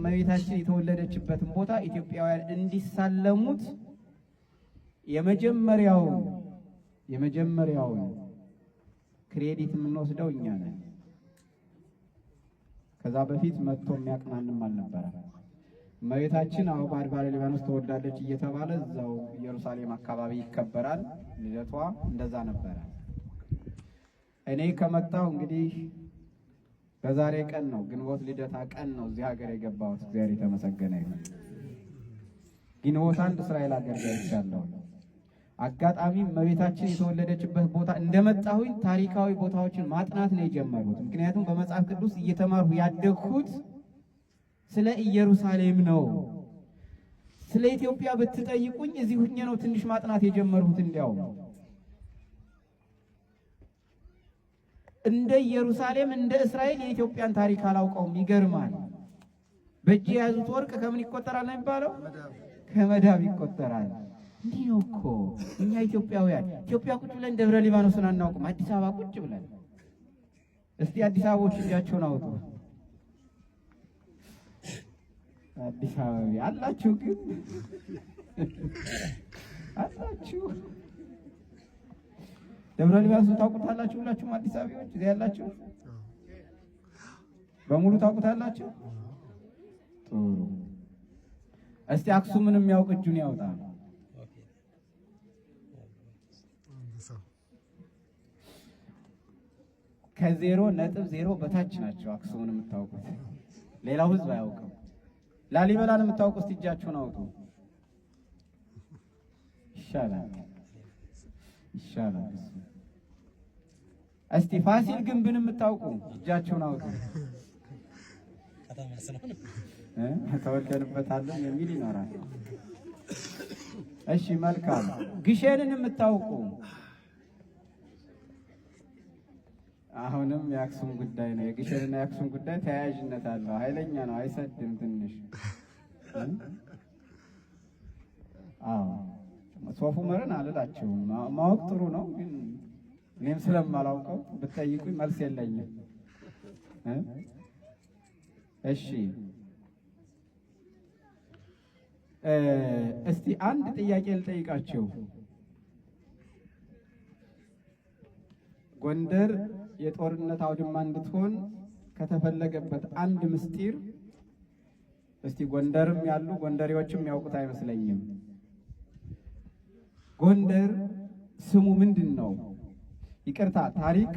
እመቤታችን የተወለደችበትን ቦታ ኢትዮጵያውያን እንዲሳለሙት የመጀመሪያው የመጀመሪያው ክሬዲት የምንወስደው እኛ ነን። ከዛ በፊት መጥቶ የሚያቅናንም አልነበረ። እመቤታችን አሁ በአድባረ ሊባኖስ ተወልዳለች እየተባለ እዛው ኢየሩሳሌም አካባቢ ይከበራል ልደቷ። እንደዛ ነበረ። እኔ ከመጣው እንግዲህ በዛሬ ቀን ነው ግንቦት ልደታ ቀን ነው እዚህ ሀገር የገባሁት። እግዚአብሔር የተመሰገነ ይሁን። ግንቦት አንድ እስራኤል ሀገር ገብቻለሁ። አጋጣሚ መቤታችን የተወለደችበት ቦታ እንደመጣሁኝ ታሪካዊ ቦታዎችን ማጥናት ነው የጀመሩት ምክንያቱም በመጽሐፍ ቅዱስ እየተማሩ ያደግኩት ስለ ኢየሩሳሌም ነው። ስለ ኢትዮጵያ ብትጠይቁኝ እዚህ ሁኜ ነው ትንሽ ማጥናት የጀመርሁት እንዲያውም እንደ ኢየሩሳሌም እንደ እስራኤል የኢትዮጵያን ታሪክ አላውቀውም። ይገርማል። በእጅ የያዙት ወርቅ ከምን ይቆጠራል ነው የሚባለው? ከመዳብ ይቆጠራል። እንዲህ ነው እኮ እኛ ኢትዮጵያውያን። ኢትዮጵያ ቁጭ ብለን ደብረ ሊባኖስን አናውቅም። አዲስ አበባ ቁጭ ብለን እስቲ አዲስ አበቦች እጃቸውን አውጡ። አዲስ አበባ አላችሁ ግን አላችሁ ደብረ ሊባኖስን ታውቁታላችሁ? ሁላችሁም አዲስ አበባዎች እዚህ ያላችሁ በሙሉ ታውቁታላችሁ። ጥሩ። እስቲ አክሱምን የሚያውቅ እጁን ያውጣ። ከዜሮ ነጥብ ዜሮ በታች ናቸው አክሱምን የምታውቁት፣ ሌላው ህዝብ አያውቅም። ላሊበላን የምታውቁት እጃችሁን አውጡ። ይሻላል ይሻላል። እስቲ ፋሲል ግንብን የምታውቁ እጃቸውን አውጡ። ተወልደንበታለን የሚል ይኖራል። እሺ መልካም። ግሼንን የምታውቁ አሁንም የአክሱም ጉዳይ ነው። የግሼንና የአክሱም ጉዳይ ተያያዥነት አለው። ኃይለኛ ነው፣ አይሰድም ትንሽ ሶፉ መርን አልላችሁም። ማወቅ ጥሩ ነው ግን እኔም ስለማላውቀው ብትጠይቁኝ መልስ የለኝም። እሺ እስቲ አንድ ጥያቄ ልጠይቃችሁ። ጎንደር የጦርነት አውድማ እንድትሆን ከተፈለገበት አንድ ምስጢር እስቲ ጎንደርም ያሉ ጎንደሬዎችም ያውቁት አይመስለኝም። ጎንደር ስሙ ምንድን ነው? ይቅርታ ታሪክ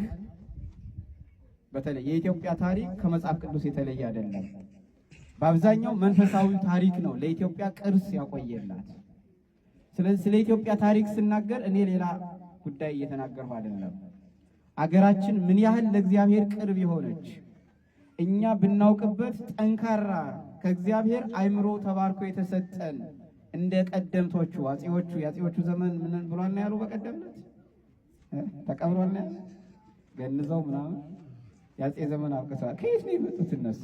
በተለይ የኢትዮጵያ ታሪክ ከመጽሐፍ ቅዱስ የተለየ አይደለም። በአብዛኛው መንፈሳዊ ታሪክ ነው ለኢትዮጵያ ቅርስ ያቆየላት። ስለዚህ ስለ ኢትዮጵያ ታሪክ ስናገር እኔ ሌላ ጉዳይ እየተናገርሁ አይደለም። አገራችን ምን ያህል ለእግዚአብሔር ቅርብ የሆነች እኛ ብናውቅበት ጠንካራ ከእግዚአብሔር አይምሮ ተባርኮ የተሰጠን እንደ ቀደምቶቹ አፄዎቹ የአፄዎቹ ዘመን ምን ብሏና ያሉ በቀደምነት ተቀብሮና ገንዘው ምናምን ያጼ ዘመን አብቅተዋል። ከየት ነው የመጡት እነሱ?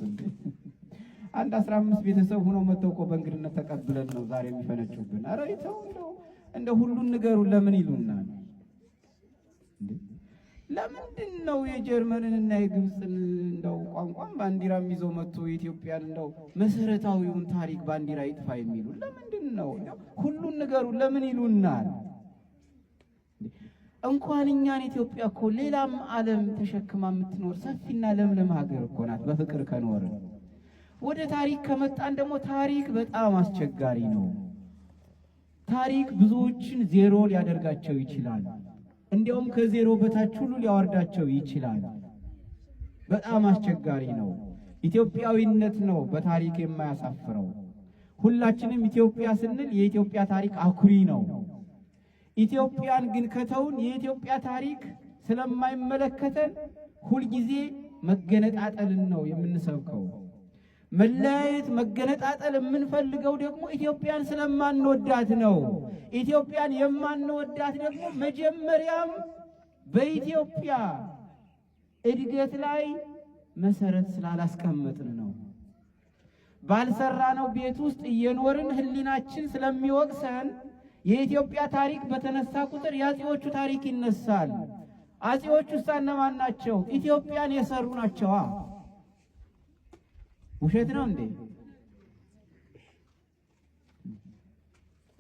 አንድ አስራ አምስት ቤተሰብ ሆኖ መተው እኮ በእንግድነት ተቀብለን ነው ዛሬ የሚፈነጩብን። ኧረ ይተው እንደ ሁሉን ንገሩ ለምን ይሉናል? ለምንድን ነው የጀርመንን እና የግብፅን እንደው ቋንቋን ባንዲራ ይዘው መጥቶ የኢትዮጵያን እንደው መሰረታዊውን ታሪክ ባንዲራ ይጥፋ የሚሉ ለምንድን ነው? ሁሉን ንገሩ ለምን ይሉናል? እንኳን እኛን ኢትዮጵያ እኮ ሌላም ዓለም ተሸክማ የምትኖር ሰፊና ለምለም ሀገር እኮ ናት። በፍቅር ከኖርን ወደ ታሪክ ከመጣን ደግሞ ታሪክ በጣም አስቸጋሪ ነው። ታሪክ ብዙዎችን ዜሮ ሊያደርጋቸው ይችላል። እንዲያውም ከዜሮ በታች ሁሉ ሊያወርዳቸው ይችላል። በጣም አስቸጋሪ ነው። ኢትዮጵያዊነት ነው በታሪክ የማያሳፍረው። ሁላችንም ኢትዮጵያ ስንል የኢትዮጵያ ታሪክ አኩሪ ነው። ኢትዮጵያን ግን ከተውን የኢትዮጵያ ታሪክ ስለማይመለከተን ሁልጊዜ መገነጣጠልን ነው የምንሰብከው። መለያየት፣ መገነጣጠል የምንፈልገው ደግሞ ኢትዮጵያን ስለማንወዳት ነው። ኢትዮጵያን የማንወዳት ደግሞ መጀመሪያም በኢትዮጵያ እድገት ላይ መሰረት ስላላስቀመጥን ነው። ባልሰራነው ቤት ውስጥ እየኖርን ህሊናችን ስለሚወቅሰን የኢትዮጵያ ታሪክ በተነሳ ቁጥር የአፄዎቹ ታሪክ ይነሳል። አፄዎቹ እነማን ናቸው? ኢትዮጵያን የሰሩ ናቸዋ። ውሸት ነው እንዴ?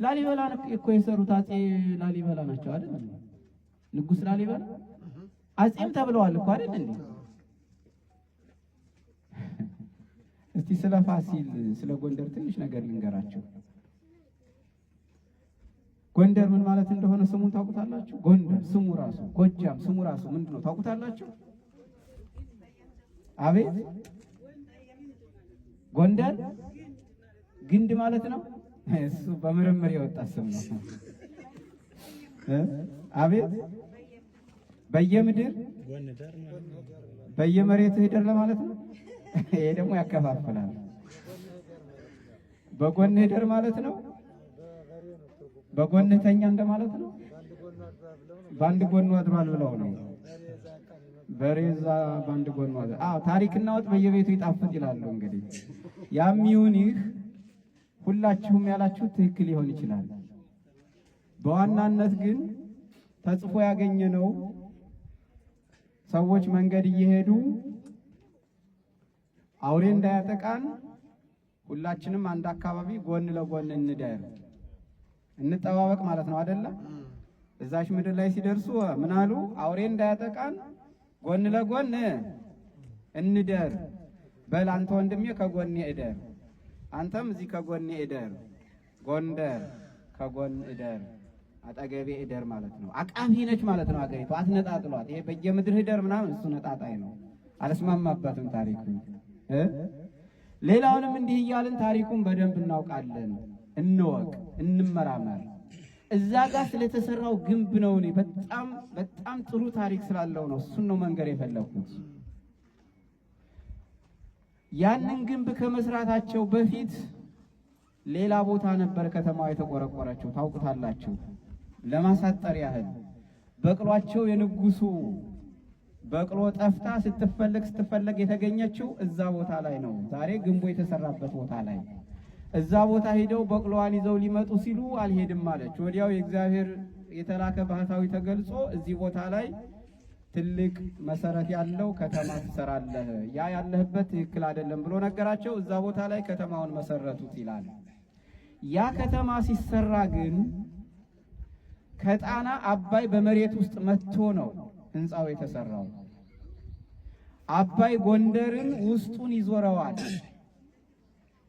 ላሊበላ እኮ የሰሩት አፄ ላሊበላ ናቸው አይደል? ንጉስ ላሊበላ አፄም ተብለዋል እኮ አይደል እንዴ? እስቲ ስለ ፋሲል ስለ ጎንደር ትንሽ ነገር ልንገራቸው። ጎንደር ምን ማለት እንደሆነ ስሙን ታውቁታላችሁ? ጎንደር ስሙ ራሱ ጎጃም ስሙ ራሱ ምንድን ነው ታውቁታላችሁ? አቤት ጎንደር ግንድ ማለት ነው። እሱ በምርምር የወጣ ስም ነው። አቤት በየምድር በየመሬት ሄደር ለማለት ነው። ይሄ ደግሞ ያከፋፍላል። በጎን ሄደር ማለት ነው። በጎን ተኛ እንደማለት ነው። በአንድ ጎኑ አድሯል ብለው ነው። በሬዛ በአንድ ጎኑ አድሯል። አዎ ታሪክና ወጥ በየቤቱ ይጣፍጥ ይላሉ። እንግዲህ ያም ይሁን ይህ ሁላችሁም ያላችሁት ትክክል ሊሆን ይችላል። በዋናነት ግን ተጽፎ ያገኘ ነው ሰዎች መንገድ እየሄዱ አውሬ እንዳያጠቃን ሁላችንም አንድ አካባቢ ጎን ለጎን እንዳያል እንጠባበቅ ማለት ነው አይደለ? እዛች ምድር ላይ ሲደርሱ ምን አሉ? አውሬ እንዳያጠቃን ጎን ለጎን እንደር። በል አንተ ወንድሜ ከጎኔ እደር፣ አንተም እዚህ ከጎኔ እደር። ጎንደር ከጎን እደር፣ አጠገቤ እደር ማለት ነው። አቃፊ ነች ማለት ነው አገሪቱ። አትነጣጥሏት። ይሄ በየምድር እደር ምናምን እሱ ነጣጣይ ነው። አልስማማበትም ታሪኩ። ሌላውንም እንዲህ እያልን ታሪኩን በደንብ እናውቃለን፣ እንወቅ እንመራመር። እዛ ጋር ስለተሰራው ግንብ ነው። እኔ በጣም በጣም ጥሩ ታሪክ ስላለው ነው እሱን ነው መንገር የፈለኩት። ያንን ግንብ ከመስራታቸው በፊት ሌላ ቦታ ነበር ከተማዋ የተቆረቆረችው፣ ታውቁታላችሁ። ለማሳጠር ያህል በቅሏቸው የንጉሱ በቅሎ ጠፍታ ስትፈለግ ስትፈለግ የተገኘችው እዛ ቦታ ላይ ነው፣ ዛሬ ግንቡ የተሰራበት ቦታ ላይ እዛ ቦታ ሄደው በቅሎዋን ይዘው ሊመጡ ሲሉ አልሄድም አለች። ወዲያው የእግዚአብሔር የተላከ ባህታዊ ተገልጾ እዚህ ቦታ ላይ ትልቅ መሰረት ያለው ከተማ ትሰራለህ፣ ያ ያለህበት ትክክል አይደለም ብሎ ነገራቸው። እዛ ቦታ ላይ ከተማውን መሰረቱት ይላል። ያ ከተማ ሲሰራ ግን ከጣና አባይ በመሬት ውስጥ መጥቶ ነው ህንፃው የተሰራው። አባይ ጎንደርን ውስጡን ይዞረዋል።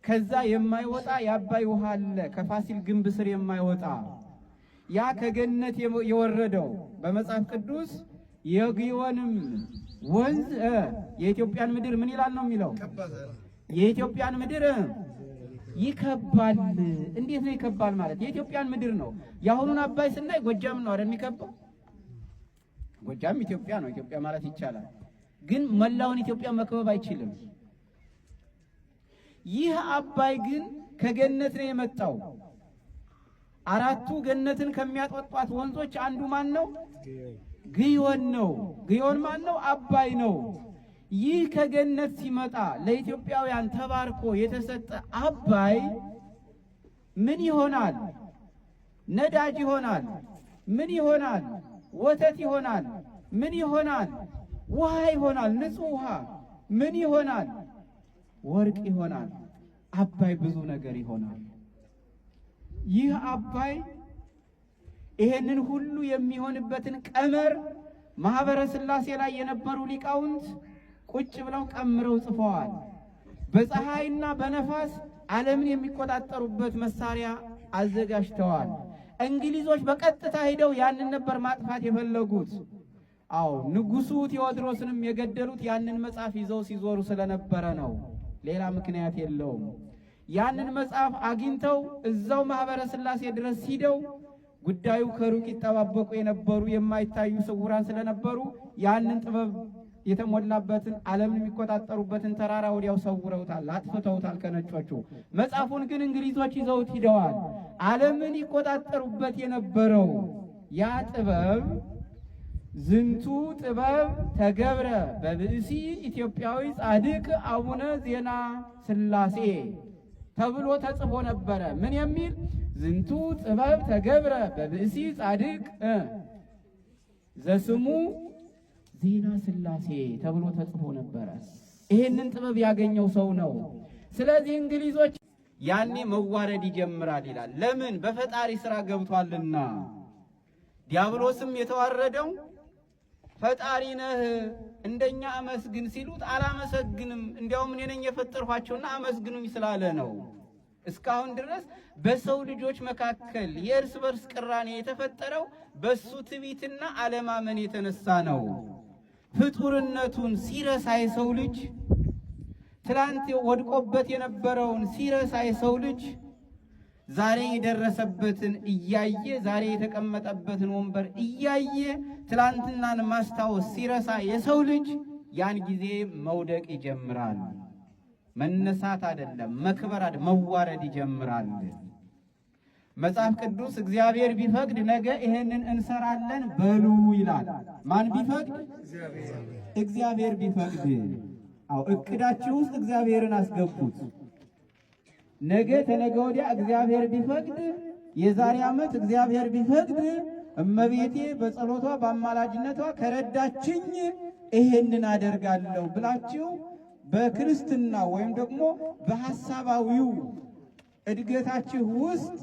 ከዛ የማይወጣ የአባይ ውሃ አለ፣ ከፋሲል ግንብ ስር የማይወጣ ያ ከገነት የወረደው በመጽሐፍ ቅዱስ የግዮንም ወንዝ የኢትዮጵያን ምድር ምን ይላል ነው የሚለው? የኢትዮጵያን ምድር ይከባል። እንዴት ነው ይከባል ማለት? የኢትዮጵያን ምድር ነው። የአሁኑን አባይ ስናይ ጎጃም ነው አይደል የሚከባው? ጎጃም ኢትዮጵያ ነው። ኢትዮጵያ ማለት ይቻላል፣ ግን መላውን ኢትዮጵያ መክበብ አይችልም። ይህ አባይ ግን ከገነት ነው የመጣው። አራቱ ገነትን ከሚያጠጧት ወንዞች አንዱ ማን ነው? ግዮን ነው። ግዮን ማን ነው? አባይ ነው። ይህ ከገነት ሲመጣ ለኢትዮጵያውያን ተባርኮ የተሰጠ አባይ ምን ይሆናል? ነዳጅ ይሆናል። ምን ይሆናል? ወተት ይሆናል። ምን ይሆናል? ውሃ ይሆናል። ንጹህ ውሃ ምን ይሆናል? ወርቅ ይሆናል። አባይ ብዙ ነገር ይሆናል። ይህ አባይ ይሄንን ሁሉ የሚሆንበትን ቀመር ማኅበረ ሥላሴ ላይ የነበሩ ሊቃውንት ቁጭ ብለው ቀምረው ጽፈዋል። በፀሐይና በነፋስ ዓለምን የሚቆጣጠሩበት መሳሪያ አዘጋጅተዋል። እንግሊዞች በቀጥታ ሄደው ያንን ነበር ማጥፋት የፈለጉት። አዎ ንጉሡ ቴዎድሮስንም የገደሉት ያንን መጽሐፍ ይዘው ሲዞሩ ስለነበረ ነው። ሌላ ምክንያት የለውም። ያንን መጽሐፍ አግኝተው እዛው ማኅበረ ሥላሴ ድረስ ሂደው ጉዳዩ ከሩቅ ይጠባበቁ የነበሩ የማይታዩ ስውራን ስለነበሩ ያንን ጥበብ የተሞላበትን ዓለምን የሚቆጣጠሩበትን ተራራ ወዲያው ሰውረውታል፣ አጥፍተውታል ከነጮቹ። መጽሐፉን ግን እንግሊዞች ይዘውት ሂደዋል። ዓለምን ይቆጣጠሩበት የነበረው ያ ጥበብ ዝንቱ ጥበብ ተገብረ በብእሲ ኢትዮጵያዊ ጻድቅ አቡነ ዜና ስላሴ ተብሎ ተጽፎ ነበረ። ምን የሚል ዝንቱ ጥበብ ተገብረ በብእሲ ጻድቅ ዘስሙ ዜና ስላሴ ተብሎ ተጽፎ ነበረ። ይህንን ጥበብ ያገኘው ሰው ነው። ስለዚህ እንግሊዞች ያኔ መዋረድ ይጀምራል ይላል። ለምን? በፈጣሪ ስራ ገብቷልና። ዲያብሎስም የተዋረደው ፈጣሪ ነህ እንደኛ አመስግን ሲሉት አላመሰግንም፣ እንዲያውም እኔ ነኝ የፈጠርኋቸውና አመስግኑኝ ስላለ ነው። እስካሁን ድረስ በሰው ልጆች መካከል የእርስ በርስ ቅራኔ የተፈጠረው በሱ ትቢትና አለማመን የተነሳ ነው። ፍጡርነቱን ሲረሳ የሰው ልጅ ትላንት ወድቆበት የነበረውን ሲረሳ የሰው ልጅ ዛሬ የደረሰበትን እያየ ዛሬ የተቀመጠበትን ወንበር እያየ ትላንትናን ማስታወስ ሲረሳ የሰው ልጅ ያን ጊዜ መውደቅ ይጀምራል። መነሳት አይደለም መክበር፣ መዋረድ ይጀምራል። መጽሐፍ ቅዱስ እግዚአብሔር ቢፈቅድ ነገ ይሄንን እንሰራለን በሉ ይላል። ማን ቢፈቅድ? እግዚአብሔር ቢፈቅድ። አዎ እቅዳችሁ ውስጥ እግዚአብሔርን አስገቡት። ነገ ተነገ ወዲያ እግዚአብሔር ቢፈቅድ የዛሬ ዓመት እግዚአብሔር ቢፈቅድ እመቤቴ በጸሎቷ በአማላጅነቷ ከረዳችኝ ይሄንን አደርጋለሁ ብላችሁ በክርስትና ወይም ደግሞ በሐሳባዊው እድገታችሁ ውስጥ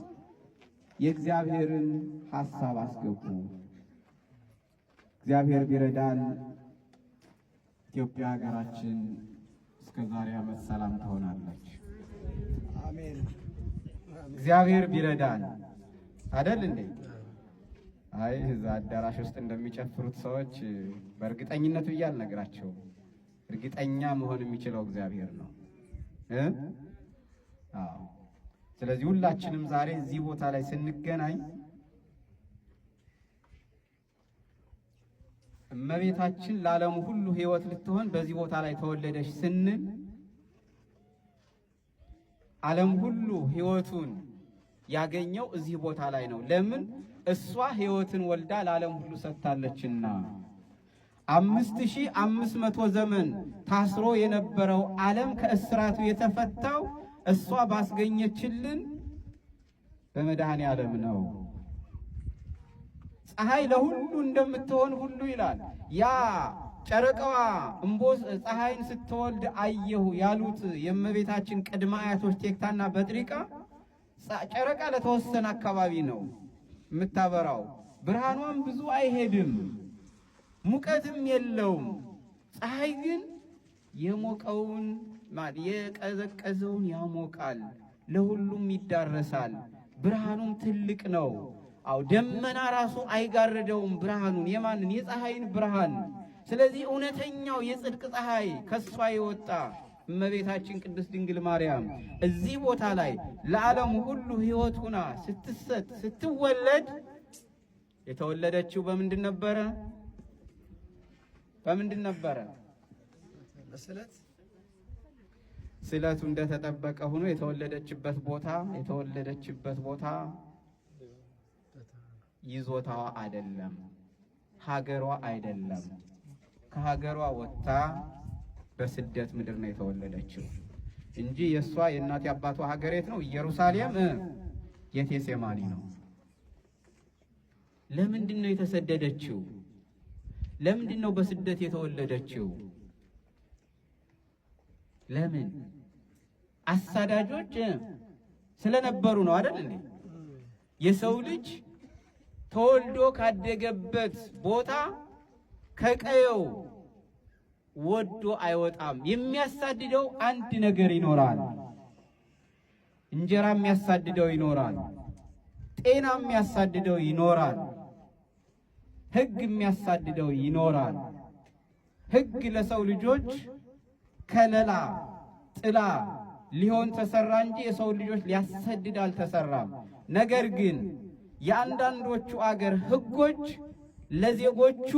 የእግዚአብሔርን ሐሳብ አስገቡ። እግዚአብሔር ቢረዳን ኢትዮጵያ ሀገራችን እስከ ዛሬ ዓመት ሰላም ትሆናለች። እግዚአብሔር ቢረዳን አደል እንዴ? አይ እዛ አዳራሽ ውስጥ እንደሚጨፍሩት ሰዎች በእርግጠኝነት ብዬ አልነግራቸው እርግጠኛ መሆን የሚችለው እግዚአብሔር ነው። አዎ። ስለዚህ ሁላችንም ዛሬ እዚህ ቦታ ላይ ስንገናኝ እመቤታችን ለዓለሙ ሁሉ ሕይወት ልትሆን በዚህ ቦታ ላይ ተወለደች ስንል ዓለም ሁሉ ህይወቱን ያገኘው እዚህ ቦታ ላይ ነው። ለምን? እሷ ህይወትን ወልዳ ለዓለም ሁሉ ሰጥታለችና። አምስት ሺህ አምስት መቶ ዘመን ታስሮ የነበረው ዓለም ከእስራቱ የተፈታው እሷ ባስገኘችልን በመድኃኔ ዓለም ነው። ፀሐይ ለሁሉ እንደምትሆን ሁሉ ይላል ያ ጨረቃዋ እምቦስ ፀሐይን ስትወልድ አየሁ ያሉት የእመቤታችን ቅድመ አያቶች ቴክታና በጥሪቃ ጨረቃ ለተወሰነ አካባቢ ነው የምታበራው። ብርሃኗም ብዙ አይሄድም፣ ሙቀትም የለውም። ፀሐይ ግን የሞቀውን የቀዘቀዘውን ያሞቃል፣ ለሁሉም ይዳረሳል። ብርሃኑም ትልቅ ነው። አው ደመና ራሱ አይጋርደውም ብርሃኑን የማንን የፀሐይን ብርሃን ስለዚህ እውነተኛው የጽድቅ ፀሐይ ከሷ የወጣ እመቤታችን ቅድስት ድንግል ማርያም እዚህ ቦታ ላይ ለዓለሙ ሁሉ ሕይወት ሁና ስትሰጥ ስትወለድ የተወለደችው በምንድን ነበረ? በምንድን ነበረ? ስለቱ እንደተጠበቀ ሆኖ የተወለደችበት ቦታ የተወለደችበት ቦታ ይዞታዋ አይደለም፣ ሀገሯ አይደለም ከሀገሯ ወጥታ በስደት ምድር ነው የተወለደችው እንጂ የእሷ የእናት አባቷ ሀገሬት ነው? ኢየሩሳሌም የቴሴማኒ ነው። ለምንድን ነው የተሰደደችው? ለምንድን ነው በስደት የተወለደችው? ለምን? አሳዳጆች ስለነበሩ ነው አደል እንዴ? የሰው ልጅ ተወልዶ ካደገበት ቦታ ከቀየው ወዶ አይወጣም። የሚያሳድደው አንድ ነገር ይኖራል። እንጀራ የሚያሳድደው ይኖራል። ጤና የሚያሳድደው ይኖራል። ሕግ የሚያሳድደው ይኖራል። ሕግ ለሰው ልጆች ከለላ ጥላ ሊሆን ተሰራ እንጂ የሰው ልጆች ሊያሰድድ አልተሰራም። ነገር ግን የአንዳንዶቹ አገር ሕጎች ለዜጎቹ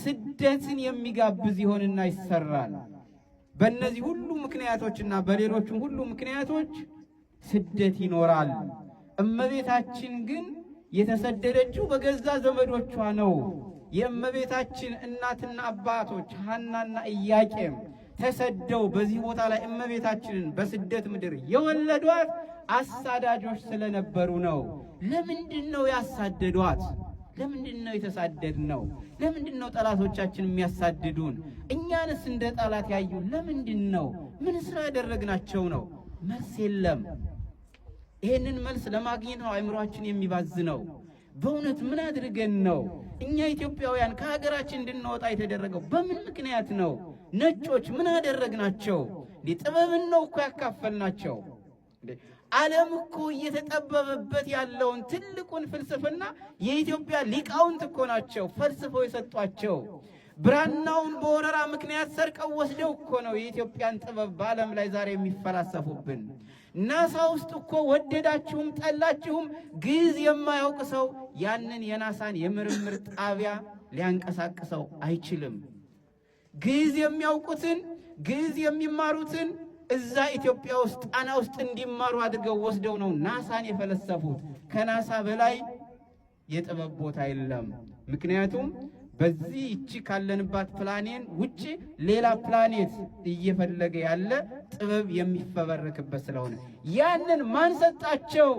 ስደትን የሚጋብዝ ይሆንና ይሰራል። በእነዚህ ሁሉ ምክንያቶችና በሌሎችም ሁሉ ምክንያቶች ስደት ይኖራል። እመቤታችን ግን የተሰደደችው በገዛ ዘመዶቿ ነው። የእመቤታችን እናትና አባቶች ሐናና ኢያቄም ተሰደው በዚህ ቦታ ላይ እመቤታችንን በስደት ምድር የወለዷት አሳዳጆች ስለነበሩ ነው። ለምንድን ነው ያሳደዷት? ለምንድን ነው የተሳደድነው? ለምንድን ነው ጠላቶቻችን የሚያሳድዱን? እኛንስ እንደ ጠላት ያዩ ለምንድን ነው? ምን ስራ ያደረግናቸው ነው? መልስ የለም። ይሄንን መልስ ለማግኘት ነው የሚባዝ የሚባዝነው። በእውነት ምን አድርገን ነው እኛ ኢትዮጵያውያን ከሀገራችን እንድንወጣ የተደረገው? በምን ምክንያት ነው? ነጮች ምን አደረግናቸው? ጥበብን ነው እኮ ያካፈልናቸው። ዓለም እኮ እየተጠበበበት ያለውን ትልቁን ፍልስፍና የኢትዮጵያ ሊቃውንት እኮ ናቸው ፈልስፈው የሰጧቸው። ብራናውን በወረራ ምክንያት ሰርቀው ወስደው እኮ ነው የኢትዮጵያን ጥበብ በዓለም ላይ ዛሬ የሚፈላሰፉብን። ናሳ ውስጥ እኮ ወደዳችሁም ጠላችሁም ግዕዝ የማያውቅ ሰው ያንን የናሳን የምርምር ጣቢያ ሊያንቀሳቅሰው አይችልም። ግዕዝ የሚያውቁትን ግዕዝ የሚማሩትን እዛ ኢትዮጵያ ውስጥ ጣና ውስጥ እንዲማሩ አድርገው ወስደው ነው ናሳን የፈለሰፉት። ከናሳ በላይ የጥበብ ቦታ የለም። ምክንያቱም በዚህ ይቺ ካለንባት ፕላኔን ውጭ ሌላ ፕላኔት እየፈለገ ያለ ጥበብ የሚፈበረክበት ስለሆነ ያንን ማን ሰጣቸው?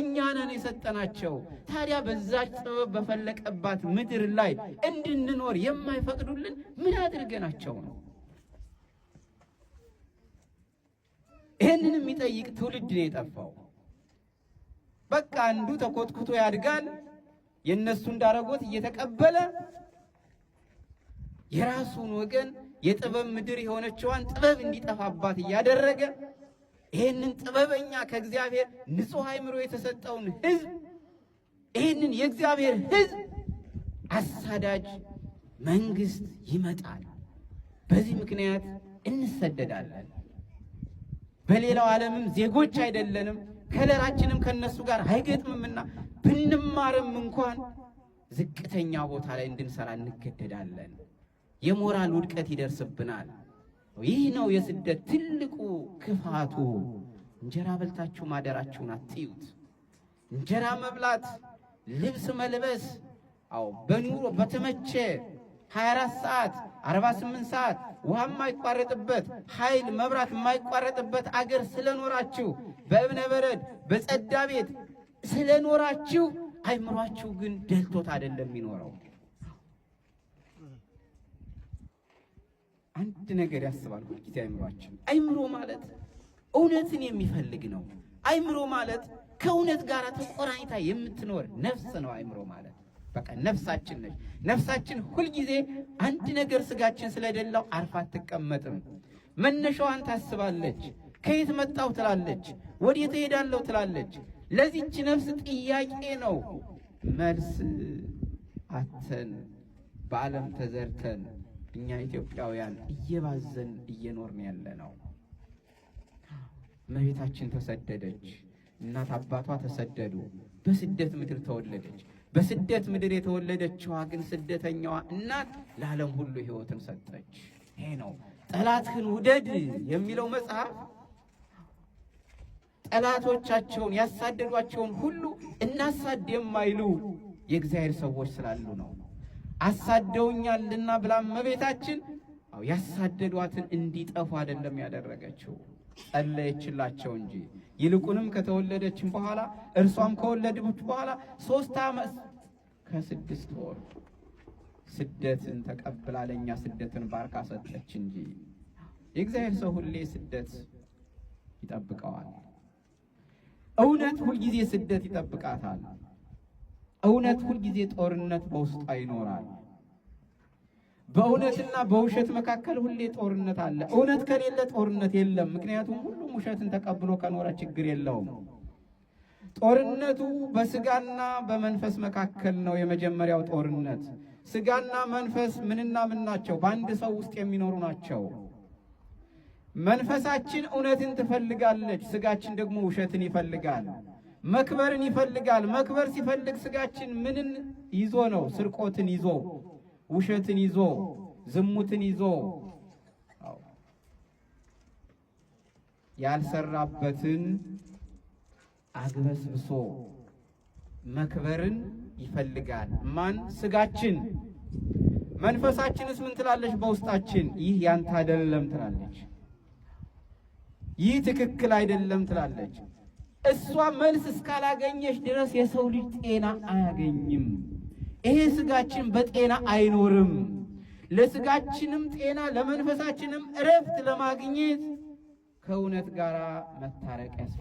እኛ ነን የሰጠናቸው። ታዲያ በዛች ጥበብ በፈለቀባት ምድር ላይ እንድንኖር የማይፈቅዱልን ምን አድርገናቸው ነው? ይህንን የሚጠይቅ ትውልድ ነው የጠፋው። በቃ አንዱ ተኮትኩቶ ያድጋል። የእነሱ እንዳረጎት እየተቀበለ የራሱን ወገን የጥበብ ምድር የሆነችዋን ጥበብ እንዲጠፋባት እያደረገ ይህንን ጥበበኛ ከእግዚአብሔር ንጹሕ አይምሮ የተሰጠውን ሕዝብ ይህንን የእግዚአብሔር ሕዝብ አሳዳጅ መንግስት ይመጣል። በዚህ ምክንያት እንሰደዳለን። በሌላው ዓለምም ዜጎች አይደለንም፣ ከለራችንም ከነሱ ጋር አይገጥምምና ብንማርም እንኳን ዝቅተኛ ቦታ ላይ እንድንሰራ እንገደዳለን። የሞራል ውድቀት ይደርስብናል። ይህ ነው የስደት ትልቁ ክፋቱ። እንጀራ በልታችሁ ማደራችሁን አትዩት። እንጀራ መብላት፣ ልብስ መልበስ፣ አዎ በኑሮ በተመቼ። 24 ሰዓት 48 ሰዓት ውሃ የማይቋረጥበት ኃይል መብራት የማይቋረጥበት አገር ስለኖራችሁ በእብነ በረድ በጸዳ ቤት ስለኖራችሁ አይምሯችሁ ግን ደልቶት አይደለም የሚኖረው። አንድ ነገር ያስባል ጊዜ አይምሯችሁ። አይምሮ ማለት እውነትን የሚፈልግ ነው። አይምሮ ማለት ከእውነት ጋር ተቆራኝታ የምትኖር ነፍስ ነው። አይምሮ ማለት በቃ ነፍሳችን ነች። ነፍሳችን ሁልጊዜ አንድ ነገር ስጋችን ስለደላው አርፋ አትቀመጥም። መነሻዋን ታስባለች። ከየት መጣው ትላለች፣ ወዴት እሄዳለሁ ትላለች። ለዚች ነፍስ ጥያቄ ነው መልስ አተን በዓለም ተዘርተን እኛ ኢትዮጵያውያን እየባዘን እየኖርን ያለ ነው። እመቤታችን ተሰደደች። እናት አባቷ ተሰደዱ። በስደት ምድር ተወለደች። በስደት ምድር የተወለደችዋ ግን ስደተኛዋ እናት ለዓለም ሁሉ ሕይወትን ሰጠች። ይሄ ነው ጠላትህን ውደድ የሚለው መጽሐፍ። ጠላቶቻቸውን ያሳደዷቸውን ሁሉ እናሳድ የማይሉ የእግዚአብሔር ሰዎች ስላሉ ነው። አሳደውኛልና ብላ እመቤታችን ያሳደዷትን እንዲጠፉ አይደለም ያደረገችው፣ ጸለየችላቸው እንጂ ይልቁንም ከተወለደችም በኋላ እርሷም ከወለደች በኋላ ሶስት ዓመት ከስድስት ወር ስደትን ተቀብላ ለእኛ ስደትን ባርካ ሰጠች እንጂ የእግዚአብሔር ሰው ሁሌ ስደት ይጠብቀዋል። እውነት ሁልጊዜ ስደት ይጠብቃታል። እውነት ሁልጊዜ ጦርነት በውስጧ ይኖራል። በእውነትና በውሸት መካከል ሁሌ ጦርነት አለ። እውነት ከሌለ ጦርነት የለም። ምክንያቱም ሁሉም ውሸትን ተቀብሎ ከኖረ ችግር የለውም። ጦርነቱ በስጋና በመንፈስ መካከል ነው። የመጀመሪያው ጦርነት ስጋና መንፈስ ምንና ምን ናቸው? በአንድ ሰው ውስጥ የሚኖሩ ናቸው። መንፈሳችን እውነትን ትፈልጋለች፣ ስጋችን ደግሞ ውሸትን ይፈልጋል። መክበርን ይፈልጋል። መክበር ሲፈልግ ስጋችን ምንን ይዞ ነው? ስርቆትን ይዞ ውሸትን ይዞ ዝሙትን ይዞ ያልሰራበትን አግበስብሶ መክበርን ይፈልጋል። ማን ስጋችን መንፈሳችንስ ምን ትላለች? በውስጣችን ይህ ያንተ አይደለም ትላለች። ይህ ትክክል አይደለም ትላለች። እሷ መልስ እስካላገኘች ድረስ የሰው ልጅ ጤና አያገኝም። ይሄ ስጋችን በጤና አይኖርም። ለስጋችንም ጤና ለመንፈሳችንም እረፍት ለማግኘት ከእውነት ጋር መታረቅ ያስፈልጋል።